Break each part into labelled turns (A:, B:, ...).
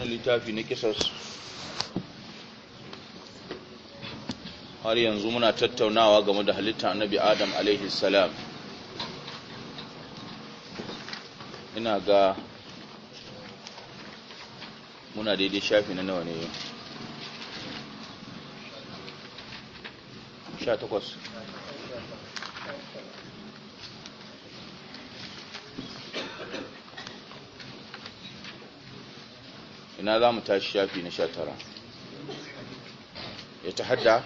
A: wannan littafi na kisas har yanzu muna tattaunawa game da halitta annabi adam alaihi salam ina ga muna daidai shafi na nawa ne yau 18 ina za mu tashi shafi na sha tara ya ta hada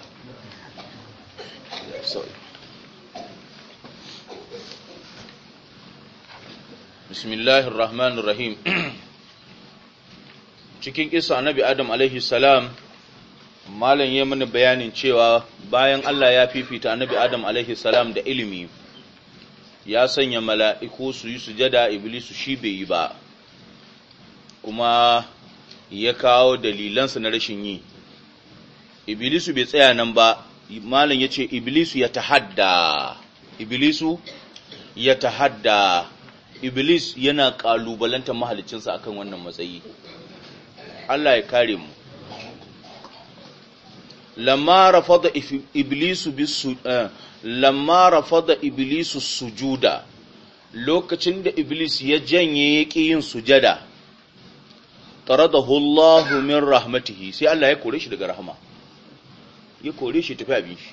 A: bismillahir rahmanir rahim cikin kisa nabi adam alaihi salam malam ya mana bayanin cewa bayan Allah ya fifita nabi adam alaihi salam da ilimi ya sanya mala'iku su yi sujada iblisu shi bai yi ba kuma ya kawo dalilansa na rashin yi iblisu bai tsaya nan ba malam ya ce iblisu ya tahadda iblisu ya tahadda iblis yana kalubalanta mahalicinsa akan wannan matsayi Allah ya kare mu lamma fada iblisu bisu eh, lamma sujuda lokacin da iblis ya janye yake yin sujada taradahu Allahu min rahmatihi sai Allah ya kore shi daga rahama ya kore shi tafi abin shi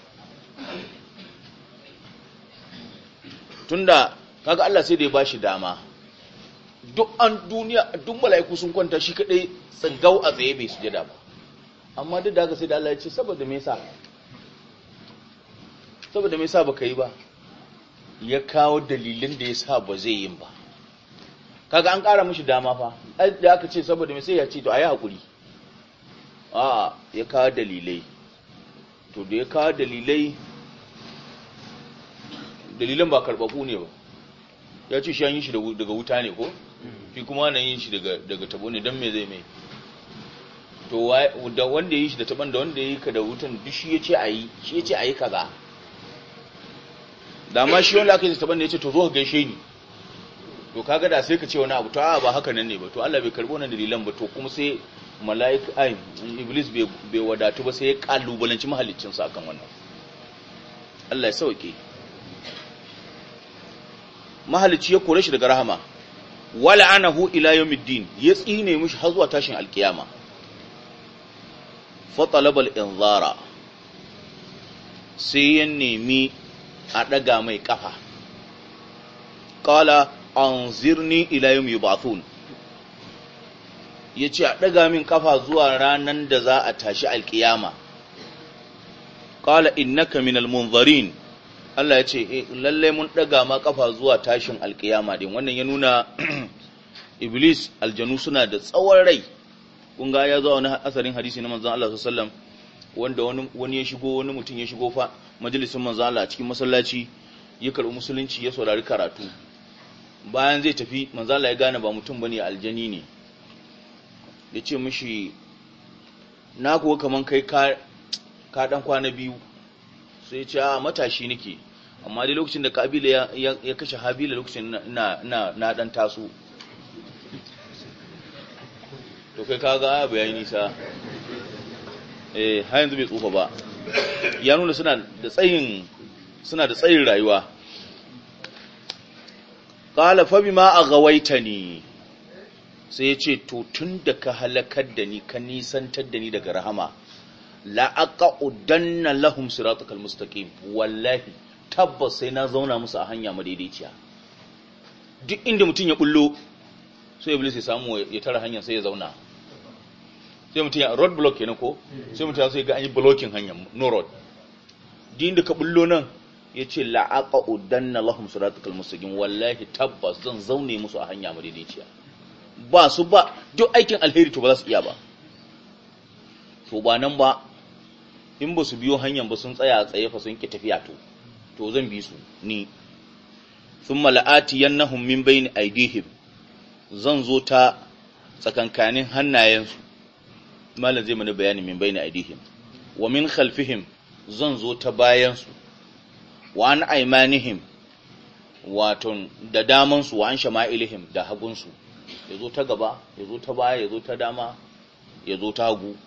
A: tunda kaga Allah sai da ya bashi dama duk an duniya duk mala'iku sun kwanta shi kadai tsagau a tsaye bai da ba amma duk da haka sai da Allah ya ce saboda me yasa saboda me yasa baka yi ba ya kawo dalilin da ya sa ba zai yi ba kaga an ƙara mishi dama fa da aka ce saboda mai sai ya ce to ayi hakuri a ya kawo dalilai to da ya kawo dalilai dalilan ba karbabu ne ba ya ce shi an yi shi daga wuta ne ko shi kuma na yin shi daga tabo ne don me zai mai to da wanda ya yi shi da taban da wanda ya yi ka da wutan duk shi ya ce a yi shi ya ce a yi kaza da ma shi wanda aka yi taban da ya ce to zo ka gaishe ni to kaga da sai ka ce wani abu to a ba haka nan ne ba to Allah bai karbo wannan dalilan ba to kuma sai mala'ika ai iblis bai wadatu ba sai ya kalubalanci mahaliccin sa akan wannan Allah ya sauke mahallici ya kore shi daga rahama wala'anahu ila yawmiddin ya tsine mishi har zuwa tashin alkiyama fa talabal inzara sai ya nemi a daga mai kafa qala anzirni ila yawm yub'athun yace a daga min kafa zuwa ranan da za a tashi alkiyama qala innaka minal munzarin Allah ya ce eh, lalle mun daga ma kafa zuwa tashin alkiyama din wannan ya nuna iblis aljanu suna da tsawon rai kun ga ya zo wannan asarin hadisi na manzon Allah sallallahu alaihi wanda wani wani ya shigo wani mutum ya shigo fa majalisin manzon cikin masallaci ya karbi musulunci ya saurari karatu bayan zai tafi manzala ya gane ba mutum ba ne aljani ne Ya ce mashi na kuwa kamar kai kaɗan kwana biyu sai ya ce a ah, matashi nake amma dai lokacin da kabila ya kashe habila lokacin na ɗan taso to kai kaga a ah, bayan nisa eh yanzu bai tsufa ba ya nuna suna da tsayin rayuwa ƙala fabi ma a gawaita ne sai ya ce to tun da ka halakar da ni ka nisantar da ni daga rahama la'aƙa udanna lahum siratukal mustaqim wallahi tabbas sai na zauna musu a hanya madaidaiciya duk inda mutum ya bullo sai iblis ya samu ya tara hanya sai ya zauna sai mutum ya road block kenan ko sai mutum ya sai ga an yi blocking hanya no road duk inda ka bullo nan ya ce la'aƙa na lahun suratul musulgin wallahi tabbas zan zaune musu a hanya madaidaiciya ba su ba duk aikin alheri to ba za su iya ba to ba nan ba in ba su biyo hanyar ba sun tsaya tsaye fa sun ki tafiya to to zan bi su ni sun thumma la'atiyannahum min ni aidihim zan zo ta tsakankanin hannayensu malam zai mana bayani min ni aidihim wa min khalfihim zan zo ta bayansu wa an aimanihim wato da damansu wa an shama'ilihim da hagunsu ya zo ta gaba ya zo ta baya ya zo ta dama ya zo ta hagu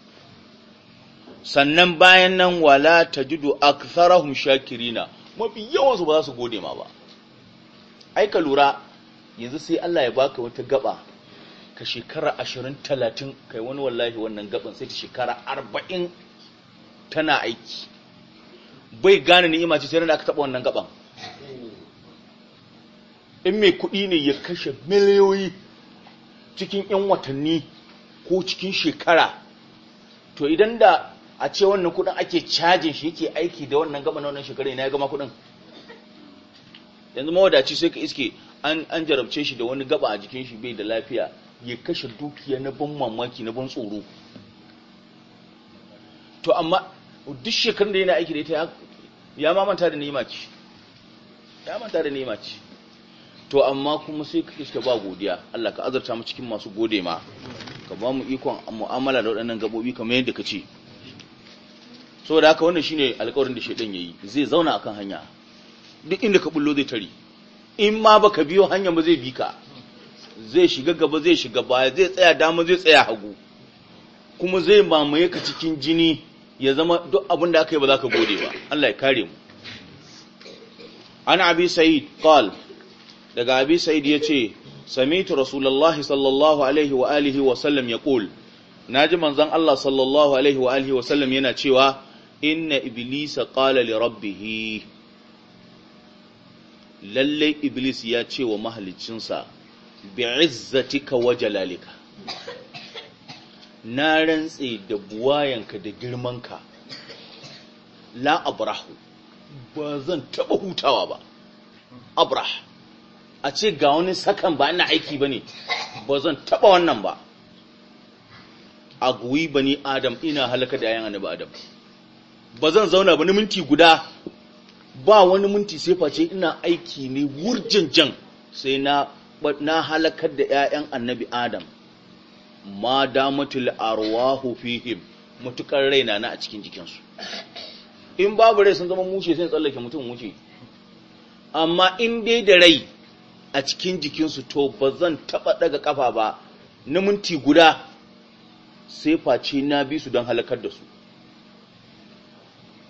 A: sannan bayan nan wala tajidu aktharahum shakirina mafi yawansu ba za su gode ma ba ai ka lura yanzu sai Allah ya baka wata gaba ka shekara 20 30 kai wani wallahi wannan gaban sai ta shekara arba'in tana aiki bai gane ni'ima ce sai da aka taba wannan gaban in mai kuɗi ne ya kashe miliyoyi cikin 'yan watanni ko cikin shekara to idan da a ce wannan kuɗin ake cajin shi yake aiki da wannan gaba na wannan shekara ina ya gama kuɗin yanzu mawadaci sai ka iske an jarabce shi da wani gaba a jikin shi bai da lafiya ya kashe dukiya na ban mamaki na ban tsoro to amma duk shekarun da yana aiki da ita ya mamanta da ni'ima ce ya manta da ni'ima ce to amma kuma sai kake suke ba godiya Allah ka azurta mu cikin masu gode ma ka ba mu ikon mu'amala da waɗannan gabobi kamar yadda ka ce saboda haka wannan shine alƙawarin da shedan yayi zai zauna akan hanya duk inda ka bullo zai tare in ma baka biyo hanya ba zai bi ka zai shiga gaba zai shiga baya zai tsaya dama zai tsaya hagu kuma zai mamaye ka cikin jini ya zama duk abin da aka yi ba za ka gode ba Allah ya kare mu an abi sa'id qal daga abi sa'id yace sami'tu rasulullahi sallallahu alaihi wa alihi wa sallam yaqul naji manzon Allah sallallahu alaihi wa alihi wa sallam yana cewa inna iblisa qala li rabbih lalle iblis ya ce wa mahalicinsa bi'izzatika wa jalalika na rantse da buwayanka da girmanka la abrahu ba zan taba hutawa ba abrah a ce ga wani sakan ba ina aiki ba ne ba zan taba wannan ba a guyi bani adam ina halaka da yayan annabi adam ba zan zauna ba ni minti guda ba wani minti sai face ina aiki ne jan-jan sai na na halakar da yayan annabi adam ma damatul arwahu fihim mutukar raina na a cikin jikinsu in babu rai sun zama mushe sai tsallake mutum mushe amma in dai da rai a cikin jikinsu to ba zan taɓa daga kafa ba na minti guda sai face na bi su don halakar da su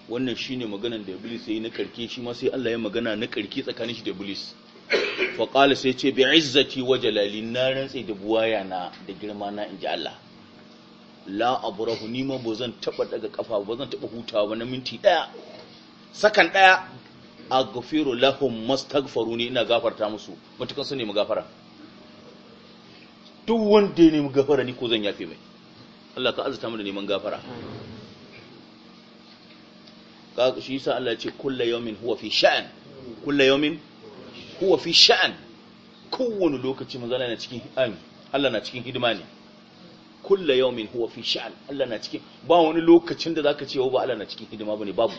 A: wannan shine maganan da iblis yayi na karke shi ma sai Allah ya magana na karke tsakanin shi da iblis faƙala sai ce bi izzati wa jalali na rantse da buwaya na da girma na inji Allah la abrahu ni ma ba zan taba daga kafa ba zan taba hutawa ba na minti daya sakan daya aghfiru lahum ne ina gafarta musu matukan su ne magafara gafara duk wanda ya nemi gafara ni ko zan yafe mai Allah ka azuta mu da neman gafara ka shi yasa Allah ya ce kullu yawmin huwa fi sha'an kullu yawmin huwa fi sha'an kowane lokaci manzo na cikin ami um, Allah na cikin hidima ne kullu yawmin huwa fi sha'an Allah na cikin ba wani lokacin da zaka ce ba Allah na cikin hidima bane babu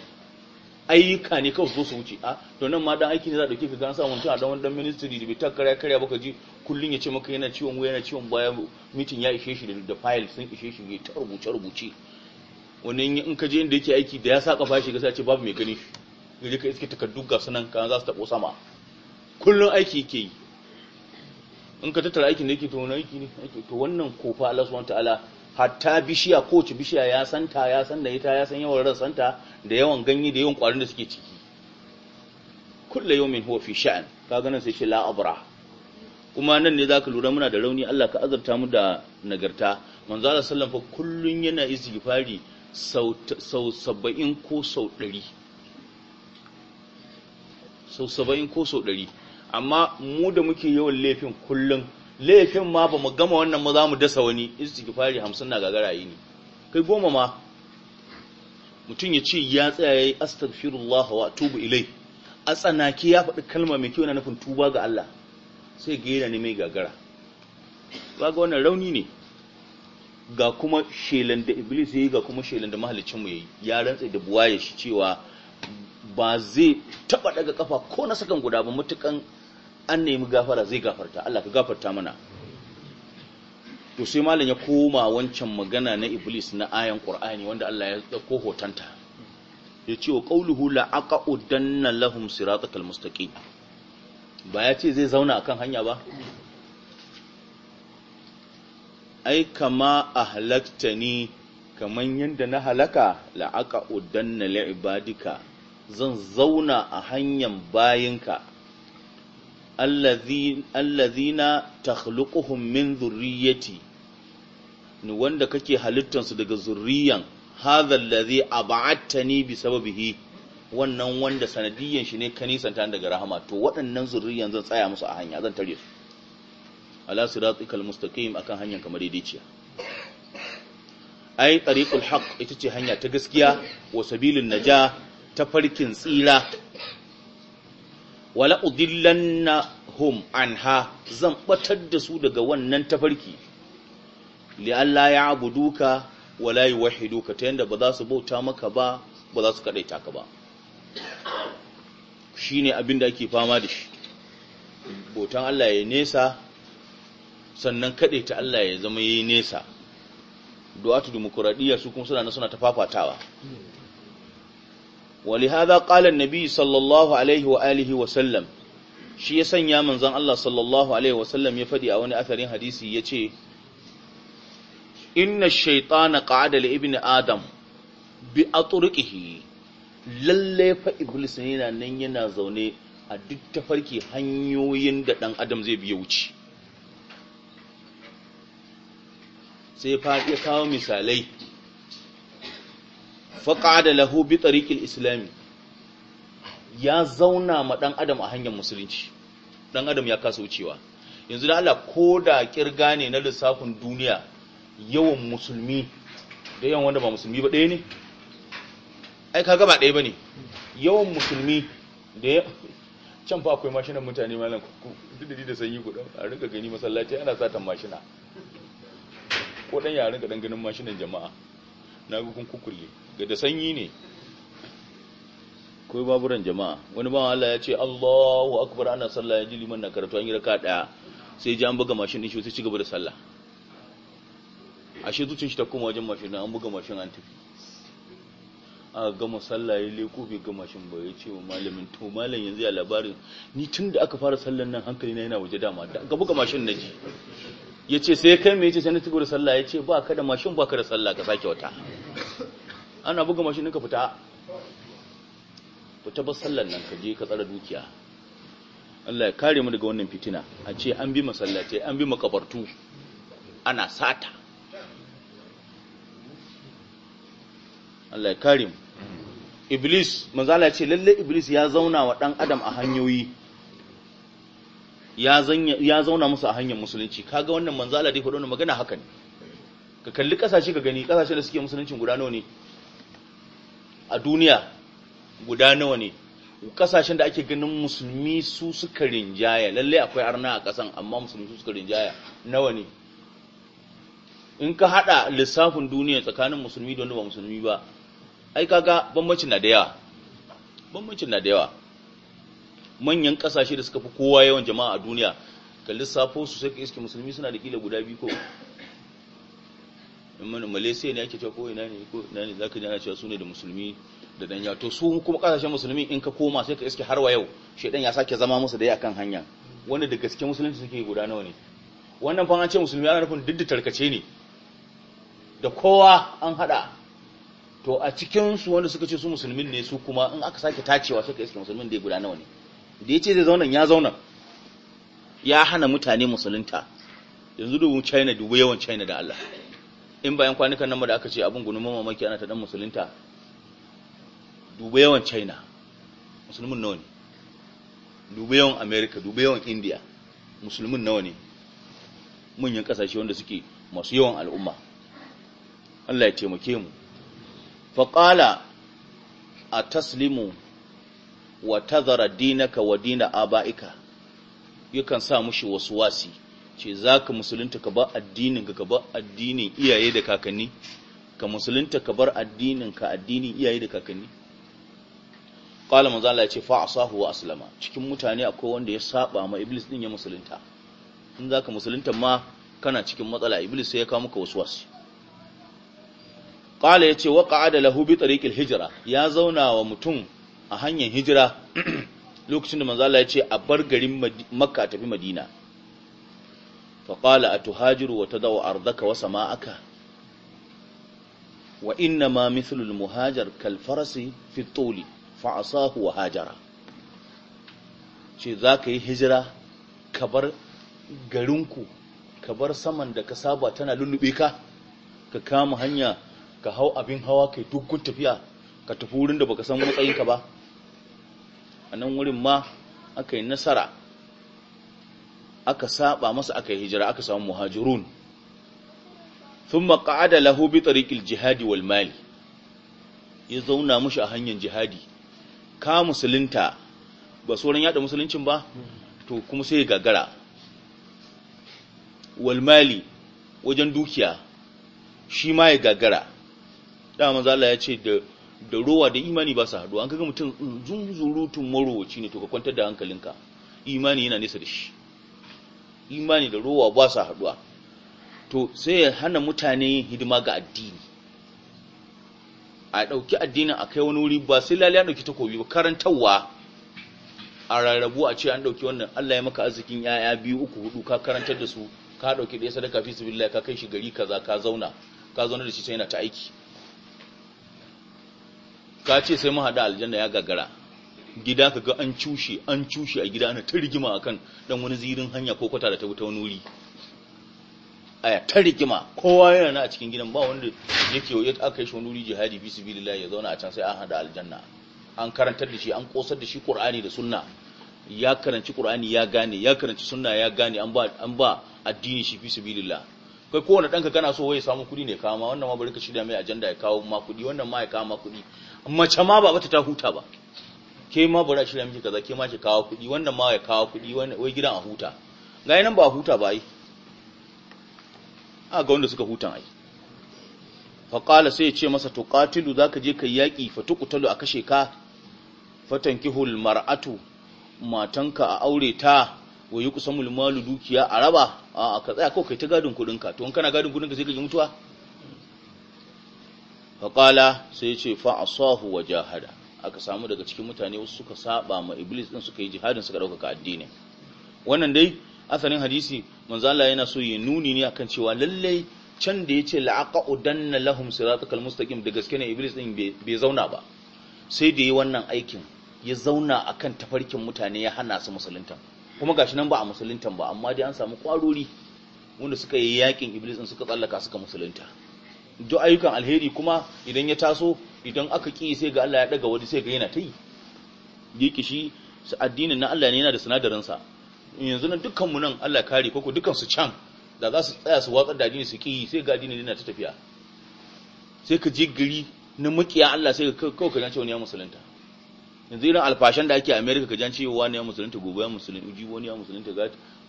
A: ayyuka ne kawai zo su wuce a to nan ma dan aiki ne za a dauke ka gansa mutum a dan wani dan ministry da bai ta karya karya baka ji kullun ya ce maka yana ciwon wuya yana ciwon baya meeting ya ishe shi da file sun ishe shi ne ta rubuce rubuce wani in ka je inda yake aiki da ya saka fashi ga sai ce babu mai gani gaje ka iske takardu ga sunan ka za su tabo sama kullum aiki yake yi in ka tattara aikin da yake to wani aiki ne to wannan kofa Allah subhanahu wataala hatta bishiya ko ci bishiya ya santa ya san da ita ya san yawan santa, da yawan ganye da yawan kwarin da suke ciki kullu yawmin huwa fi sha'an ka ganin sai shi la abra kuma nan ne zaka lura muna da rauni Allah ka azurta mu da nagarta manzo Allah sallallahu alaihi fa kullun yana istighfari sau sau 70 ko sau 100 sau 70 ko sau 100 amma mu da muke yawan laifin kullum laifin ma ba mu gama wannan mu za mu dasa wani istighfari hamsin na gagara yi ne kai goma ma mutum ya ce ya tsaya ya yi astaghfirullah wa tubu ilai a tsanaki ya faɗi kalma mai kyau na nufin tuba ga Allah sai gaira yana mai gagara ba ga wannan rauni ne ga kuma shelan da iblis ya yi ga kuma shelan da mahaliccinmu ya yi ya rantsa da buwaye shi cewa ba zai taba daga kafa ko na sakan guda ba mutukan an nemi gafara zai gafarta Allah ka gafarta mana to sai malam ya koma wancan magana na iblis na ayan qur'ani wanda Allah ya dauko hotanta ya ce wa qauluhu la aqudanna lahum siratal mustaqim ba ya ce zai zauna akan hanya ba ai kama ahlaktani kaman yanda na halaka la aqudanna li ibadika zan zauna a hanyar bayinka allazina takhluquhum min zurriyyati ni wanda kake halittansu daga zurriyan a allazi ab'attani bi sababihi wannan wanda sanadiyyan shi ne ka nisanta daga rahama to waɗannan zurriyan zan tsaya musu a hanya zan tare su ala siratikal mustaqim akan hanyar kamar daidaiciya ai tariqul haqq ita ce hanya ta gaskiya wa sabilin naja tafarkin tsira wala udillanna hum anha zan batar da su daga wannan tafarki li alla ya'buduka wala yuwahiduka ta yanda ba za su bauta maka ba ba za su kadaita ka ba shine abin da ake fama da shi bautan Allah ya nesa sannan kadaita Allah ya zama yayi nesa du'atu demokradiyya su kuma suna suna ta fafatawa ولهذا قال النبي صلى الله عليه وآله وسلم shi ya sanya manzon Allah sallallahu alaihi wasallam ya fadi a wani atharin hadisi yace inna shaytana qa'ada li ibni adam bi aturqihi lalle fa iblis ne nan yana zaune a duk tafarki hanyoyin da dan adam zai biya wuce sai fa ya kawo misalai faƙada lahu bi tsarikin islami ya zauna ma ɗan adam a hanyar musulunci ɗan adam ya kasa wucewa yanzu da Allah ko da kirga ne na lissafin duniya yawan musulmi da yawan wanda ba musulmi ba ɗaya ne ai ka ba ɗaya ne yawan musulmi da can fa akwai mashinan mutane malam ku duk da sanyi guda a rinka gani masallaci ana satan mashina ko dan yaran ka dan ganin mashinan jama'a na ga kun kukulle ga da sanyi ne kai baburan jama'a wani ba Allah ya ce Allahu akbar ana sallah ya ji liman na karatu an yi raka daya sai ji an buga mashin din shi sai ci gaba da sallah ashe zuciyar shi ta koma wajen mashin an buga mashin an tafi a gama sallah ya leko bai gama shin ba ya ce wa malamin to malam yanzu ya labarin ni tun da aka fara sallan nan hankali na yana waje dama da buga mashin na ji. ya ce sai kai me ya ce sai na tigo da sallah ya ce ba ka da mashin ba ka da sallah ka sake wata ana buga mashin ka fita fita bas sallan nan ka je ka tsara dukiya Allah ya kare mu daga wannan fitina a ce an bi masallatai an bi makabartu ana sata Allah ya kare mu Iblis manzala ce lalle Iblis ya zauna wa dan adam a hanyoyi ya zauna musu a hanyar musulunci kaga wannan manzala dai faɗo magana haka ne ka kalli kasashe ka gani kasashe da suke musuluncin guda nawa ne a duniya guda nawa ne kasashen da ake ganin musulmi su suka rinjaya lallai akwai arna a kasan amma musulmi su suka rinjaya nawa ne in ka hada lissafin duniya tsakanin musulmi da wanda ba musulmi ba ai kaga bambancin na da yawa bambancin na da yawa manyan kasashe da suka fi kowa yawan jama'a a duniya ka lissafo su sai ka iske musulmi suna da kila guda biyu ko malaysia ne ake cewa ko ina ne ko ina ne zaka ji ana cewa su ne da musulmi da danya to su kuma kasashen musulmi in ka koma sai ka iske har wa yau shaidan ya sake zama musu da kan hanya wanda da gaske musulunci suke guda nawa ne wannan fa an ce musulmi ana nufin duk da tarkace ne da kowa an hada to a cikin su wanda suka ce su musulmin ne su kuma in aka sake tacewa sai ka iske musulmin da ya guda nawa ne da ya ce zai zauna ya zauna ya hana mutane musulunta yanzu dubu China dubu yawan China da Allah in bayan kwanukan nan da aka ce abin gunumin mamaki ana ta dan musulunta duba yawan china musulmin nawa ne duba yawan america duba yawan india musulmin nawa ne munyan kasashe wanda suke masu yawan al'umma Allah ya taimake mu qala ataslimu wa tazara dinaka wa dina abaika yakan sa mushi wasu wasi ce za ka musulunta ka bar addinin ka bar addinin iyaye da kakanni ka musulunta ka bar addinin ka addinin iyaye da kakanni qala manzo Allah ya ce fa asahu wa aslama cikin mutane akwai wanda ya saba ma iblis din ya musulunta in zaka musulunta ma kana cikin matsala iblis sai ya kawo maka waswasi qala ce wa qa'ada lahu bi tariqil hijra ya zauna wa mutum a hanyar hijira lokacin da manzo Allah ya ce a bar garin Makka tafi Madina faƙala a tuhajiru wata dawa arzaka wasa ma'aka wa inna ma mithlul muhajar kalfarasi fitoli fa'asahu wa hajara ce za ka yi hijira ka bar garinku ka bar saman da ka saba tana lullube ka ka kama hanya ka hau abin hawa kai dukkan tafiya ka tafi wurin da baka san matsayinka ba a nan wurin ma aka yi nasara aka saba masa aka yi hijira aka samu muhajirun thumma qa'ada lahu bi tariqil jihadi wal mali ya zauna mushi a hanyar jihadi ka musulunta ba sauran yada musuluncin ba to kuma sai ya gagara wal mali wajen dukiya shi ma ya gagara da manzo Allah ya ce da da rowa da imani ba su haɗu an kaga mutum zunzurutun marowaci ne to ka kwantar da hankalinka imani yana nesa da shi imani da ruwa ba su haɗuwa to sai ya hana mutane yin hidima ga addini a ɗauki addinin a kai wani wuri ba sai lalai an ɗauki takobi ba karantarwa a rarrabu a ce an ɗauki wannan Allah ya maka arzikin ‘ya'ya biyu uku hudu ka karantar da su ka ɗauki ɗaya sadaka fi sabilillah ka kai shi gari kaza ka zauna ka zauna da shi sai yana ta aiki ka ce sai mu haɗa aljanna ya gagara gida ka ga an cushe an cushe a gida ana ta rigima kan dan wani zirin hanya ko kwata da ta wuta wani wuri aya ta rigima kowa yana na a cikin gidan ba wanda yake ya aka yi shi wani wuri jihadi fi sabilillah ya zauna a can sai an hada aljanna an karantar da shi an kosar da shi qur'ani da sunna ya karanci qur'ani ya gane ya karanci sunna ya gane an ba an ba addini shi fi sabilillah kai kowane ɗanka kana so ya samu kuɗi ne kama wannan ma bari ka shirya mai ajanda ya kawo ma kuɗi wannan ma ya kawo ma kuɗi mace ma ba bata ta huta ba ke ma bari a shirya miki kaza ke ma ki kawo kuɗi wannan ma ya kawo kuɗi wai gidan a huta ga nan ba a huta ba yi a ga wanda suka hutan ai faƙala sai ya ce masa to tuqatilu zaka je kai yaƙi fa tuqtalu a kashe ka fatankihul mar'atu matanka a aure ta wa yi kusan mulmalu dukiya a raba a ka tsaya kawai kai ta gadin ka to in kana gadin ka sai ka yi mutuwa faƙala sai ce fa asahu wa jahada aka samu daga cikin mutane wasu suka saba ma iblis din suka yi jihadin suka ɗaukaka addinin wannan dai asalin hadisi manzo Allah yana so ya nuni ne akan cewa lalle can da yace udanna lahum siratal mustaqim da gaske ne iblis din bai zauna ba sai da yi wannan aikin ya zauna akan tafarkin mutane ya hana su musulunta kuma gashi nan ba a musulunta ba amma dai an samu kwarori wanda suka yi yakin iblis din suka tsallaka suka musulunta duk ayyukan alheri kuma idan ya taso idan aka ƙi sai ga Allah ya ɗaga wani sai ga yana ta yi yake shi addinin na Allah ne yana da sinadarinsa yanzu na dukkanmu nan Allah kare koko dukkan su can da za su tsaya su watsar da addini su ƙi sai ga addini yana ta tafiya sai ka je gari na mukiya Allah sai ka kawo ka jance wani ya musulunta yanzu irin alfashan da ake a Amerika ka jance wani ya musulunta gobe ya musulunta uji wani ya musulunta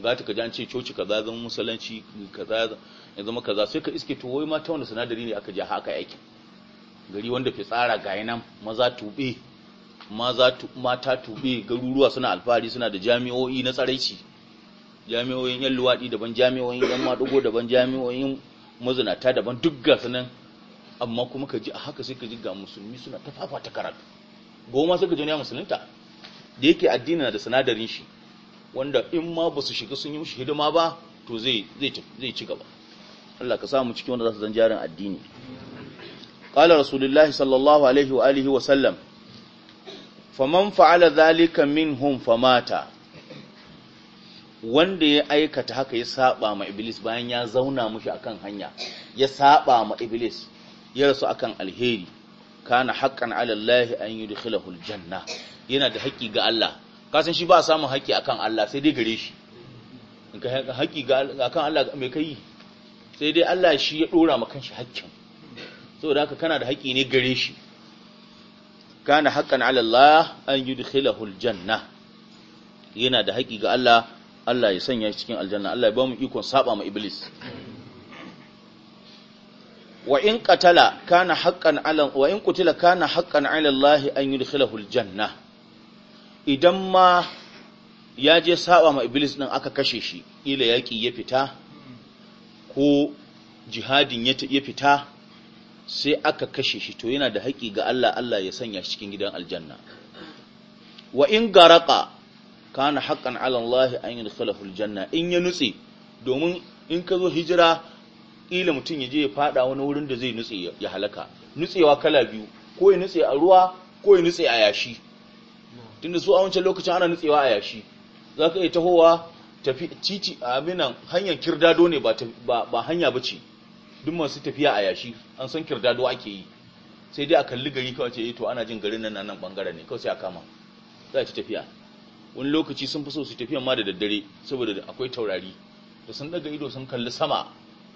A: ta ka jance coci kaza zama musulunci kaza ya zama kaza sai ka iske to wai ma ta sinadari ne aka ja haka yakin gari wanda tsara ga nan maza tube mata tube garuruwa suna alfahari suna da jami'o'i na tsaraici jami'o'in yan luwaɗi daban jami'o'in yan maɗugo daban jami'o'in mazinata daban duk ga sanan amma kuma ka ji a haka sai ka ji ga musulmi suna ta ta karatu goma sai ka ji ya musulunta da yake addini na da sinadarin shi wanda in ma ba su shiga sun yi mishi hidima ba to zai ci gaba Allah ka samu cikin wanda za su zan jarin addini قال رسول sallallahu alaihi wa عليه wa sallam فمن fa'ala ذلك منهم famata wanda ya aikata haka ya saba ma iblis bayan ya zauna mushi akan hanya ya saba ma iblis ya rasu akan alheri kana haqqan ala allahi an yudkhilahu aljanna yana da haƙi ga Allah kasan shi ba samun haƙi akan Allah sai dai gare shi in ka haƙi akan Allah mai kai sai dai Allah shi ya dora ma kanshi haƙƙin saboda haka kana da haƙi ne gare shi kana haqqan ala Allah an yudkhilahu aljanna yana da haƙi ga Allah Allah ya sanya shi cikin aljanna Allah ya ba mu ikon saba ma iblis wa in qatala kana haqqan ala wa in qutila kana haqqan ala Allah an yudkhilahu aljanna idan ma ya je saba ma iblis din aka kashe shi ila yaki ya fita ko jihadin ya fita sai aka kashe shi to yana da haƙi ga Allah Allah ya sanya shi cikin gidan aljanna wa in garaka kana haqqan ala Allah an yadkhalahu aljanna in ya nutse domin in ka zo hijira ila mutum ya je ya fada wani wurin da zai nutse ya halaka nutsewa kala biyu ko ya nutse a ruwa ko ya nutse a yashi tunda su a wancan lokacin ana nutsewa a yashi zaka iya tahowa tafi titi abinan hanyar kirdado ne ba ba hanya bace duk masu tafiya a yashi an san kirdado ake yi sai dai a kalli gari kawai ce eh to ana jin garin nan nan bangare ne kawai sai a kama za a ci tafiya wani lokaci sun fi so su tafiya ma da daddare saboda akwai taurari da sun daga ido sun kalli sama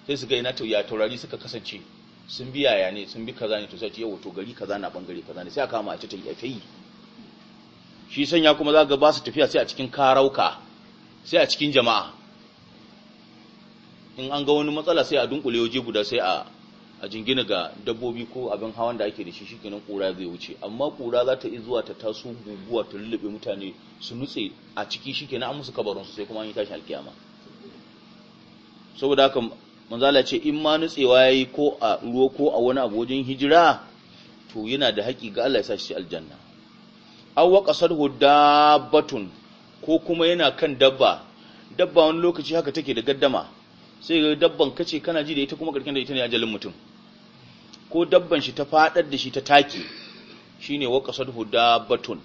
A: sai su ga ina ya taurari suka kasance sun bi yaya ne sun bi kaza ne to sai ce yau to gari kaza na bangare kaza ne sai a kama a ci ta yi shi sanya kuma za ga ba su tafiya sai a cikin karauka sai a cikin jama'a in an ga wani matsala sai a dunkule waje guda sai a a jingina ga dabbobi ko abin hawan da ake da shi shikenan kura zai wuce amma kura za ta zuwa ta taso guguwa ta lullube mutane su nutse a ciki shikenan an musu kabarin su sai kuma an yi tashi alkiyama saboda haka manzala ce in ma nutsewa yayi ko a ruwa ko a wani abu wajen hijira to yana da haƙi ga Allah ya sa shi aljanna aw waqasarhu hudabatun ko kuma yana kan dabba dabba wani lokaci haka take da gaddama sai ga dabban kace kana ji da ita kuma karkin da ita ne ajalin mutum ko dabban shi ta fadar da shi ta take shine waqasad hudabatun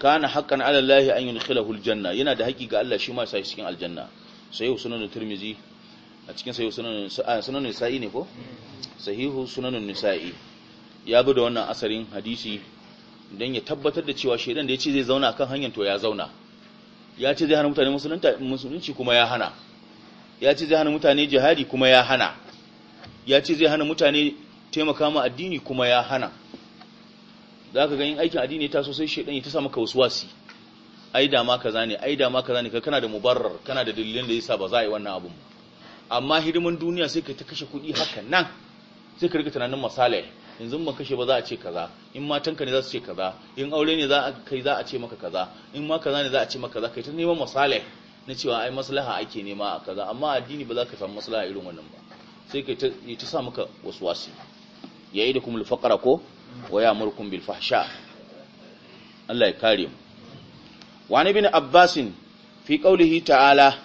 A: kana haqqan ala llahi an yunkhilahu aljanna yana da haƙi ga Allah shi ma sai cikin aljanna sahihu sunan tirmizi a cikin sahihu sunan sunan nisa'i ne ko sahihu sunan nisa'i ya bi da wannan asarin hadisi don ya tabbatar da cewa shaidan da ya zai zauna kan hanyar to ya zauna ya ce zai hana mutane musulunci kuma ya hana ya ce zai hana mutane jihadi kuma ya hana ya ce zai hana mutane taimaka ma addini kuma ya hana za ka ganin aikin addini ta so sai shaidan ya ta samu ka ai da ma kaza ne ai da ma kaza ne kana da mubarrar kana da dalilin da yasa ba za a yi wannan abun amma hidiman duniya sai ka ta kashe kuɗi hakan nan sai ka rika tunanin masalai yanzu ban kashe ba za a ce kaza in matanka ne za su ce kaza in aure ne za a kai za a ce maka kaza in ma kaza ne za a ce maka kaza kai ta neman masalai na cewa ai maslaha ake nema a kaza amma addini ba za ka samu maslaha irin wannan ba sai ka yi ta sa maka waswasi yi da kuma lufakara ko wa murkun bil fahsha Allah ya kare mu wa bin abbas fi qawlihi ta'ala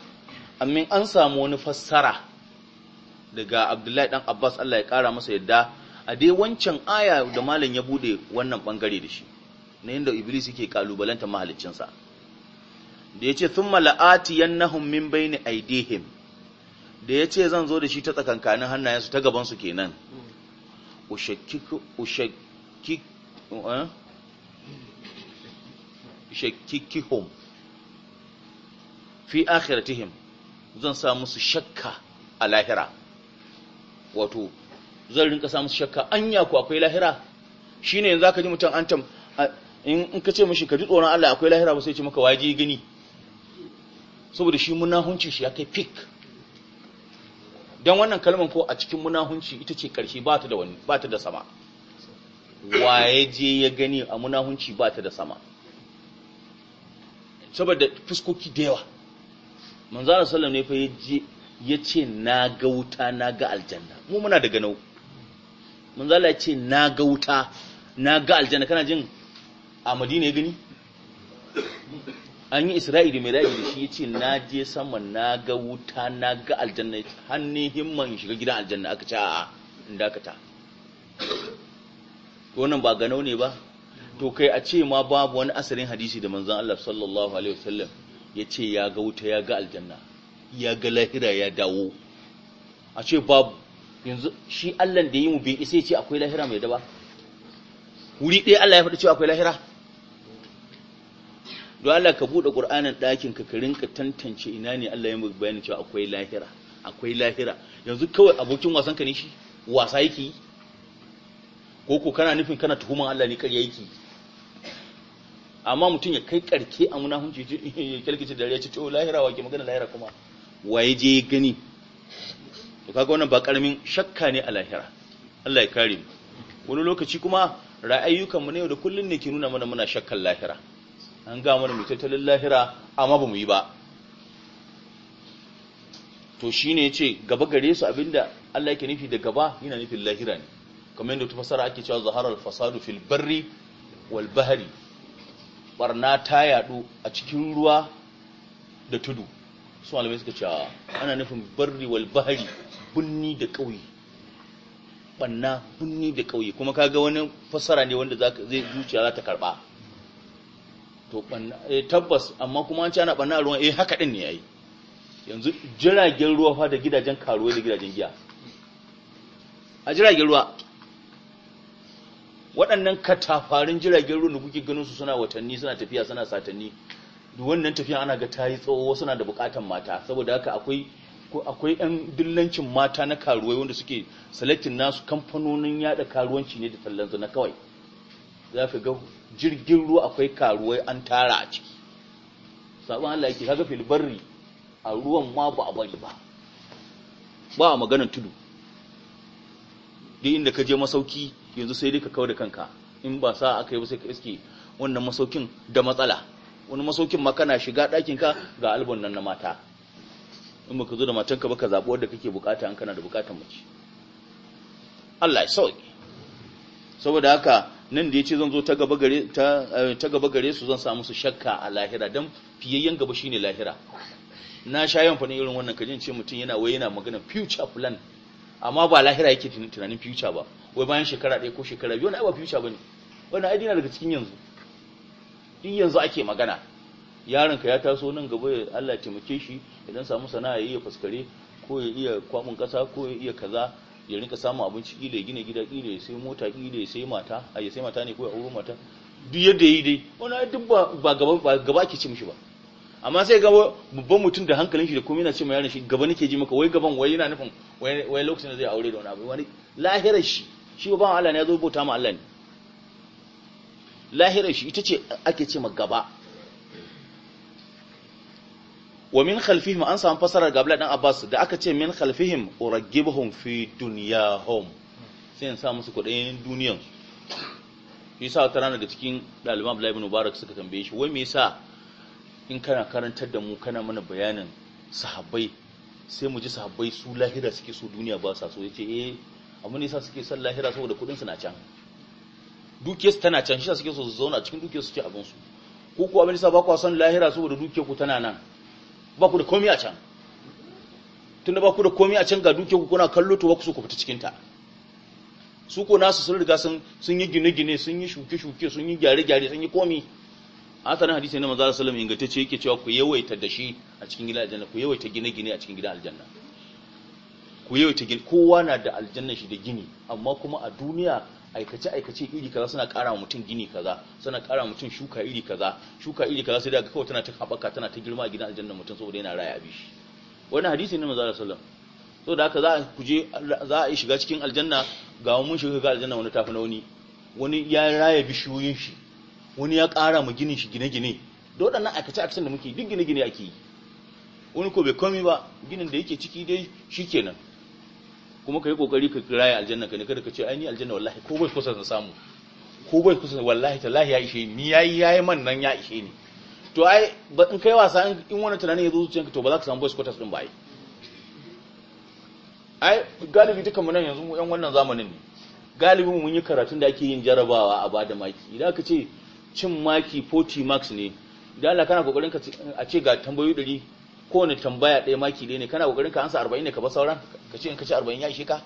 A: amin an samu wani fassara daga abdullahi dan abbas Allah ya kara masa yadda a dai wancan aya da malam ya bude wannan bangare da shi na yadda iblis yake kalubalanta mahaliccinsa da yace mala'ati la'atiyannahum min bayni aidihim da yace zan zo da shi ta tsakankanin hannayensu ta gaban su kenan ushakkiku eh? fi akhiratihim zan sa musu shakka a lahira wato zan rinka sa musu shakka anya ku akwai lahira shine yanzu aka ji mutum an tam in ka ce mishi ka ji tsoron Allah akwai lahira ba sai ce maka waje gani saboda shi munahuncin shi ya kai fik don wannan kalmar ko a cikin munahunci ita ce ƙarshe ba ta da wani ba ta da sama waye je ya gani a munahunci ba ta da sama saboda fuskoki da yawa manzara sallam ne fa ya ce na ga wuta na ga aljanna mu muna da ganau manzala ya ce na ga wuta na ga aljanna kana jin a madina ya gani an yi isra'ili mai mira'i da shi ce na je sama na ga wuta na ga aljanna hannu himman shiga gidan aljanna aka ce a dakata wannan ba ganau ne ba to kai a ce ma babu wani asirin hadisi da manzan Allah sallallahu alaihi wasallam ce ya ga wuta ya ga aljanna ya ga lahira ya dawo a ce babu yanzu shi Allah da yi mu bai isa ce akwai lahira mai daba wuri ɗaya Allah ya faɗi cewa akwai lahira don Allah ka buɗe ƙur'anin ɗakin ka ka rinka tantance ina ne Allah ya maka bayani cewa akwai lahira akwai lahira yanzu kawai abokin wasan ka ne shi wasa yake yi ko ko kana nufin kana tuhuman Allah ne ƙarya yake amma mutum ya kai karke a munafunci ya kirkice eh, da ce to lahira wa ke magana lahira kuma waye je gani to kaga wannan ba ƙaramin shakka ne a lahira Allah ya kare mu wani lokaci kuma ra'ayyukan mu ne da kullun ne ke nuna mana muna shakkan lahira an ga mana mai tattalin lahira amma ba mu yi ba to shi shine ce gaba gare su abinda Allah yake nufi da gaba yana nufin lahira ne kamar yadda fasara ake cewa zaharar fasadu fil barri wal bahari barna ta yadu a cikin ruwa da tudu su malamai suka cewa ana nufin barri wal bahari bunni da kauye banna bunni da kauye kuma kaga wani fasara ne wanda zai zuciya za ta karba to eh, tabbas amma kuma an ci ana banna eh haka din ne yayi yanzu jiragen ruwa fa da gidajen karuwa da gidajen giya a jiragen ruwa waɗannan katafarin jiragen ruwa da kuke ganin su suna watanni suna tafiya suna satanni duk wannan tafiya ana ga tayi tsawo suna da bukatan mata saboda haka akwai akwai yan dillancin mata na karuwai wanda suke selectin nasu kamfanonin yada karuwanci ne da tallanzu na kawai za ka ga jirgin ruwa akwai karuwai an tara a ciki sabon Allah yake kaga filbarri a ruwan ma ba a bari ba ba a maganar tudu duk inda ka je masauki yanzu sai dai ka kawo da kanka in ba sa aka yi ba sai ka iske wannan masaukin da matsala wani masaukin ma kana shiga ɗakin ka ga albon nan na mata in baka zo da matanka ba ka zaɓi wadda kake bukata in kana da bukatar mace Allah ya sauke saboda haka nan da ya ce zan zo ta gaba gare eh, su zan samu su shakka a lahira don fiyayyen gaba shi ne lahira na sha yawan fani irin wannan kajin ce mutum yana wai yana magana future plan amma ba lahira yake tunanin future ba wai bayan shekara ɗaya ko shekara biyu wani ba future ba ne wani aidina daga cikin yanzu in yanzu ake magana yaron ka ya taso nan gaba ya Allah taimake shi idan samu sana'a ya iya fuskare, ko ya iya kwamun kasa ko ya iya kaza ya rinka samun abinci ile gina gida ile sai mota ile sai mata a ya sai mata ne ko ya auro mata duk yadda yi dai wani duk ba gaba ba gaba ke ci mishi ba amma sai ga babban mutum da hankalin shi da komai yana ce mai yaron shi gaba nake ji maka wai gaban wai yana nufin wai lokacin da zai aure da wani abu wani lahirar shi shi ba Allah ne ya zo bauta ma Allah ne lahirar shi ita ce ake ce ma gaba wa min khalfihim an samu fasarar ga Abdullahi dan Abbas da aka ce min khalfihim uragibuhum fi dunyahum sai in sa musu kudin duniyan shi yasa ta daga cikin daliban Abdullahi ibn Mubarak suka tambaye shi wai me yasa in kana karantar da mu kana mana bayanin sahabbai sai mu ji sahabbai su lahira suke so duniya ba sa so yace eh amma ne yasa suke son lahira saboda kudin su na can dukiyarsu tana can shi suke so su zauna cikin dukiyarsu ce abin su ko kuwa abin yasa ba kwa son lahira saboda ku tana nan ba ku da komi a can tunda ba ku da komi a can ga duke ku kuna kallo to ba ku so ku fita cikin ta su ko nasu sun riga sun sun yi gine-gine sun yi shuke-shuke sun yi gyare-gyare sun yi komi a nan hadisi na manzo sallallahu alaihi wasallam yake cewa ku yawaita da shi a cikin gidan aljanna ku yawaita gine-gine a cikin gidan aljanna ku yawaita gine kowa na da aljanna shi da gini amma kuma a duniya aikace aikace iri kaza suna ƙara wa mutum gini kaza suna ƙara wa mutum shuka iri kaza shuka iri kaza sai daga kawai tana ta haɓaka tana ta girma gidan aljanna mutum saboda yana raya bi shi wannan hadisi ne manzo Allah so da saboda haka za a kuje za a shiga cikin aljanna ga mun shiga ga aljanna wani tafi na wani wani ya raya bishiyoyin shi wani ya ƙara mu ginin shi gine-gine da waɗannan aikace aikace da muke duk gine-gine ake yi wani ko bai komi ba ginin da yake ciki dai shikenan kuma ka yi kokari ka ya aljanna ka ne kada ka ce ai ni aljanna wallahi ko bai kusa samu ko bai kusa wallahi tallahi ya ishe ni yayi yayi man nan ya ishe ni to ai in kai wasa in wani tunanin ya zo zuciyanka to ba za ka samu voice quarters din ba ai ai galibi duka mu nan yanzu mu yan wannan zamanin ne galibi mun yi karatun da ake yin jarabawa a bada maki idan aka ce cin maki 40 marks ne idan Allah kana kokarin ka a ce ga tambayoyi kowane tambaya ɗaya maki ɗaya ne kana kokarin ka ansa 40 ne ka ba sauran ka ce in ka ci 40 ya ishe ka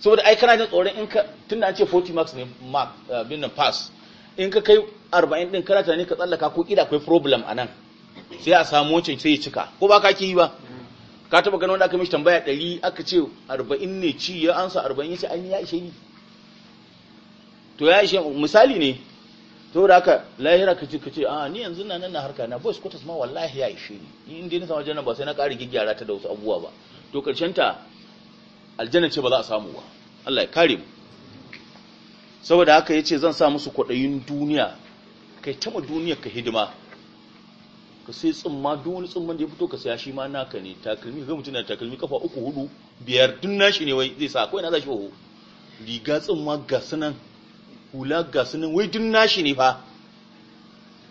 A: saboda ai kana jin tsoron in ka tunda an ce 40 marks ne mark bin nan pass in ka kai 40 din kana tunani ka tsallaka ko kida akwai problem anan sai a samu wancan sai ya cika ko ba ka ki ba ka taba ganin wanda aka mishi tambaya 100 aka ce 40 ne ci ya ansa 40 ya ce ai ya ishe ni to ya ishe misali ne to da haka lahira ka ka ce a ah, ni yanzu na nan na harka na boys quarters ma wallahi ya ishe ni in dai na samu aljanna ba sai na ƙara gyaggyara ta da wasu abubuwa ba to karshen ta aljanna ce ba za a samu ba Allah ya kare mu saboda haka yace zan sa musu kwaɗayin duniya kai taba duniya ka hidima ka sai tsumma duk wani tsumman da ya fito ka saya shi ma naka ne takalmi ga mutuna takalmi kafa uku hudu biyar duk nashi ne wai zai sa akwai na zashi wahu riga tsumma ga sanan hula ga nan wai dun nashi ne fa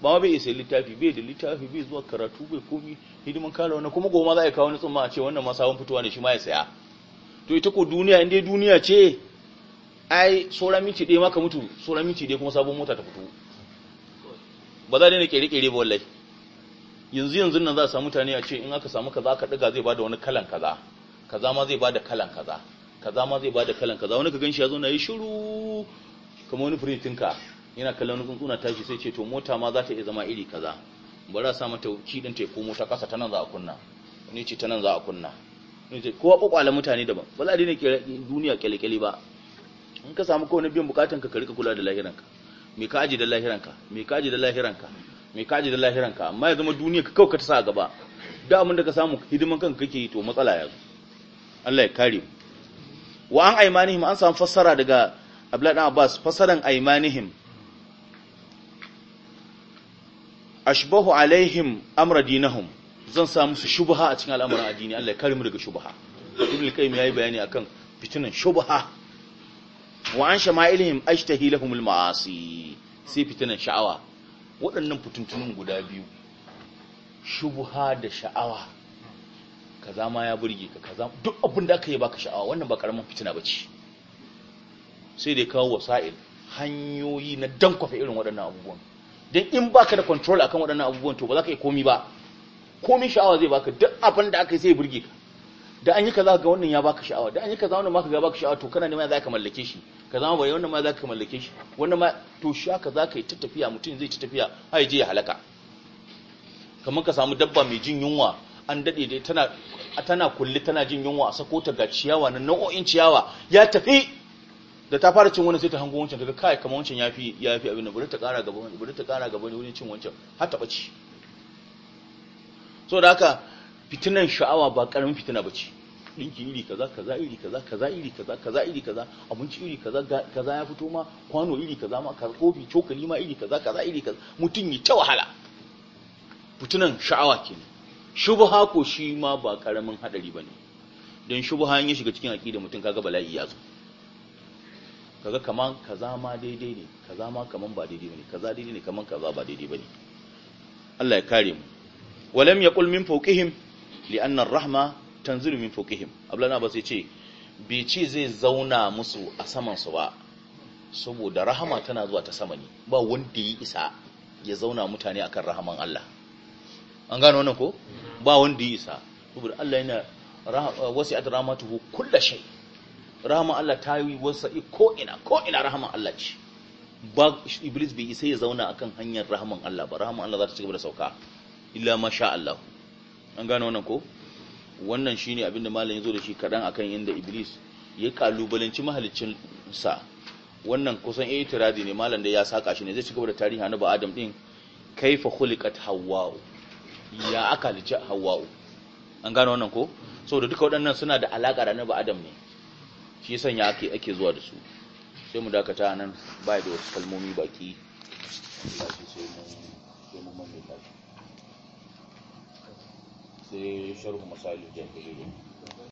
A: ba bai isa littafi bai da littafi bai zuwa karatu bai komi hidiman kala wani kuma goma za a kawo nutsun ma a ce wannan ma sabon fitowa ne shi ma ya saya to ita ko duniya inda duniya ce ai tsoron minti ɗaya maka mutu tsoron minti ɗaya kuma sabon mota ta fito ba za daina ƙere-ƙere ba wallai yanzu yanzu nan za a samu mutane a ce in aka samu kaza ka ɗiga zai bada wani kalan kaza kaza ma zai bada kalan kaza kaza ma zai bada kalan kaza wani ka gan shi ya zo na yi shiru kamar wani ka yana kallon wani tsuntsuna tashi sai ce to mota ma za ta iya zama iri kaza ba za a sa mata kiɗin ta komo mota kasa ta nan za a kunna wani ce ta nan za a kunna wani ce kowa ƙwaƙwala mutane daban ba za a daina duniya ƙyale ba in ka samu kowane biyan bukatan ka rika kula da lahiranka me ka aji da lahiranka me ka aji da lahiranka me ka aji da lahiranka amma ya zama duniya ka kauka ta sa gaba da abin da ka samu hidiman kanka kake yi to matsala ya zo Allah ya kare mu wa an aimanihim an samu fassara daga abdullahi dan abbas fasaran aimanihim ashbahu alaihim amra dinahum zan sa musu shubha a cikin al'amuran addini Allah ya mu daga shubha ibn al-qayyim yayi bayani akan fitinan shubha wa an shama'ilihim ajtahi lahum al-ma'asi sai fitinan sha'awa waɗannan fituntunun guda biyu shubha da sha'awa kaza ma ya burge ka kaza duk abin da aka yi baka sha'awa wannan ba karamin fitina bace sai da kawo wasa'il hanyoyi na dankwafe irin waɗannan abubuwan don in ba ka da control akan waɗannan abubuwan to ba za ka yi komi ba komi sha'awa zai baka duk abin da aka yi sai burge ka da an yi kaza ga wannan ya baka sha'awa da an yi kaza wannan ma ka ga baka sha'awa to kana ya za ka mallake shi ka zama bare wannan ma za ka mallake shi wannan ma to sha ka za ka yi tattafiya mutum zai tattafiya har je ya halaka kamar ka samu dabba mai jin yunwa an dade dai tana tana kulli tana jin yunwa a sako ta ga ciyawa na nau'o'in ciyawa ya tafi da ta fara cin wani sai ta hango wancan daga kai kamar wancan yafi yafi abin da bari ta ƙara gaba wani bari ta ƙara gaba ne wurin cin wancan har ta bace so da haka fitinan sha'awa ba karamin fitina bace dinki iri kaza kaza iri kaza kaza iri kaza kaza iri kaza abinci iri kaza kaza ya fito ma kwano iri kaza ma kofi cokali ma iri kaza kaza iri kaza mutun yi ta wahala fitinan sha'awa kenan shubha ko shi ma ba karamin hadari bane dan shubha in ya shiga cikin aqida mutun kaga bala'i ya zo kaga kaman kaza ma daidai ne kaza ma kaman ba daidai bane kaza daidai ne kaman kaza ba daidai bane Allah ya kare mu walam yaqul min fawqihim li'anna ar-rahma tanzilu min fawqihim ablana ba sai ce bai ce zai zauna musu a saman su ba saboda rahama tana zuwa ta sama ne ba wanda ya isa ya zauna mutane akan rahaman Allah an gano wannan ko ba wanda ya isa saboda Allah yana wasi'at rahmatuhu kullu rahama Allah ta yi wasa ko'ina ko'ina rahaman Allah ce ba iblis bai isa ya zauna a kan hanyar rahaman Allah ba rahaman Allah za ta cigaba da sauka illa ma sha Allah an gane wannan ko wannan shi ne abinda malam ya zo da shi kadan kan inda iblis ya kalubalanci mahaliccin sa wannan kusan ya yi turadi ne malam da ya saka shi ne zai cigaba da tarihi ba Adam din kaifa hulikat hawa'u ya aka lice hawa'u an gane wannan ko saboda duka waɗannan suna da alaƙa da ba Adam ne shi sanya ake ake zuwa da su sai mu dakata nan ba da wasu kalmomi baki sai sharhu misali jahiliyya